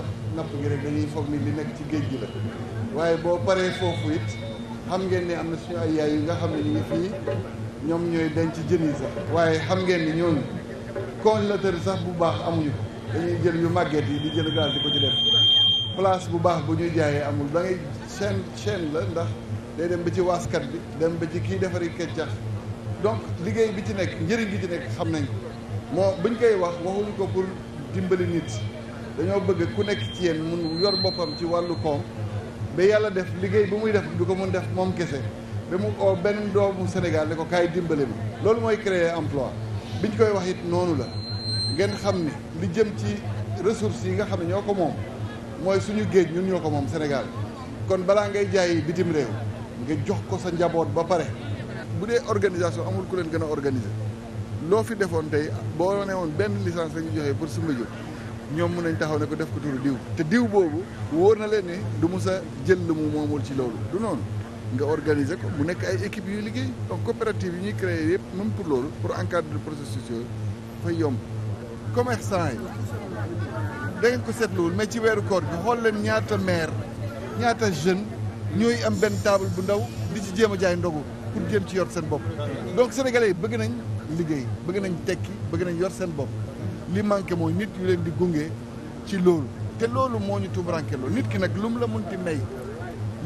wax napp gi rek dañuy foog ni li nekk ci géej gi la waaye boo paree foofu it xam ngeen ne am na suñu ay yaay yu nga xam ne ñu ngi fii ñoom ñooy denc jën yi sax waaye xam ngeen ni ñooñu congélateur sax bu baax amuñu ko dañuy jël yu màgget yi di jël gaz di ko ci def place bu baax bu ñuy jaayee amul da ngay chaîne chaîne la ndax day dem ba ci waaskat bi dem ba ci kii defari keccax donc liggéey bi ci nekk njëriñ bi ci nekk xam nañ ko moo buñ koy wax waxuñ ko pour dimbali nit dañoo bëgg ku nekk ci yéen mun yor boppam ci wàllu koom ba yàlla def liggéey bu muy def du ko mun def moom kese ba mu oo benn doomu Sénégal ne ko kaay dimbale ma loolu mooy créer bi ñu koy wax it noonu la ngeen xam ni li jëm ci ressources yi nga xam ne ñoo ko moom mooy suñu géej ñun ñoo ko moom Sénégal kon balaa ngay jaayi bitim réew nga jox ko sa njaboot ba pare bu dee organisation amul ku leen gën a organiser loo fi defoon tey boo ne woon benn licence ñu joxee pour Soumbédioune ñoom mën nañ taxaw ne ko def ko turu diw te diw boobu wóor na leen ne du mu sa jël lu mu moomul ci loolu du noonu nga organiser ko mu nekk ay équipe yuy liggéey donc coopérative yi ñuy créer yëpp même pour loolu pour encadrer processus yooyu dafay yomb commerçant yi da ko ko seetluwul mais ci weeru koor gi xool leen ñaata maire ñaata jeune ñooy am benn table bu ndaw di ci jéem a jaay ndogu pour jéem ci yor seen bopp donc sénégalais bëgg nañ liggéey bëgg nañ tekki bëgg nañ yor seen bopp li manqué mooy nit yu leen di gunge ci loolu te loolu moo ñu tumuranke loolu nit ki nag lu mu la munti may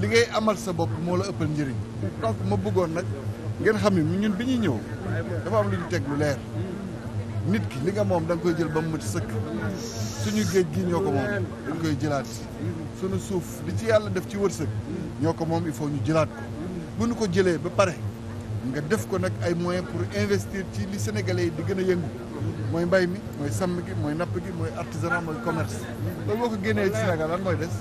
li ngay amal sa bopp moo la ëppal njëriñ donc ma bëggoon nag ngeen xam ni mu ñun bi ñuy ñëw dafa am lu ñu teg lu leer nit ki li nga moom da koy jël ba mu mët sëkk suñu géej gi ñoo ko moom dañ koy jëlaat sunu suuf li ci yàlla def ci wërsëg ñoo ko moom il faut ñu jëlaat ko bu nu ko jëlee ba pare nga def ko nag ay moyen pour investir ci li sénégalais yi di gën a yëngu mooy mbay mi mooy sàmm gi mooy napp gi mooy artisanat mooy commerce loolu boo ko génnee ci Sénégal lan mooy des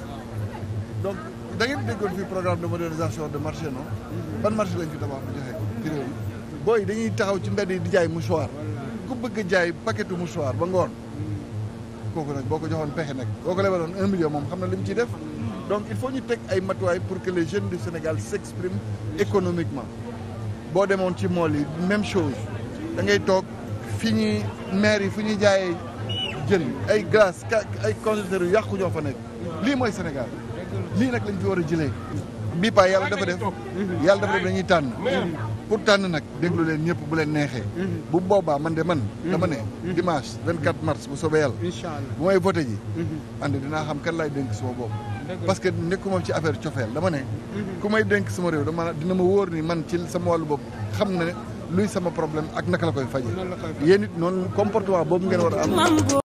donc da ngeen déggoon fii programme de modernisation de marché non ban marché lañ fi tabax bu joxe ci réew mi booy dañuy taxaw ci mbedd yi di jaay mouchoir ku bëgg jaay paquetu mouchoir ba ngoon kooku nag boo ko joxoon pexe nag boo ko lebaloon un million moom xam na li mu ciy def donc il ñu teg ay matuwaay jeunes du Sénégal s'expriment économiquement boo demoon ci mool yi même chose da ngay toog fi ñuy maire yi fi ñuy jaayee jën ay glace ay conservateurs yu yàqu ñoo fa nekk lii mooy Sénégal lii nag lañ fi war a jëlee bii paa yàlla dafa def yàlla dafa def dañuy tànn pour tànn nag déglu leen ñëpp bu leen neexee bu boobaa man de man dama ne dimanche 24 mars bu soobee yàlla bu may voté ji ànd mhm. dinaa xam kan laay dénk sama bopp parce que nekkuma ci affaire cofeel dama ne mhm. ku may dénk sama réew dama dina ma wóor nii man ci sama wàllu bopp xam ne luy sama problème ak naka la koy faje yéen it noonu comportement boobu ngeen war a am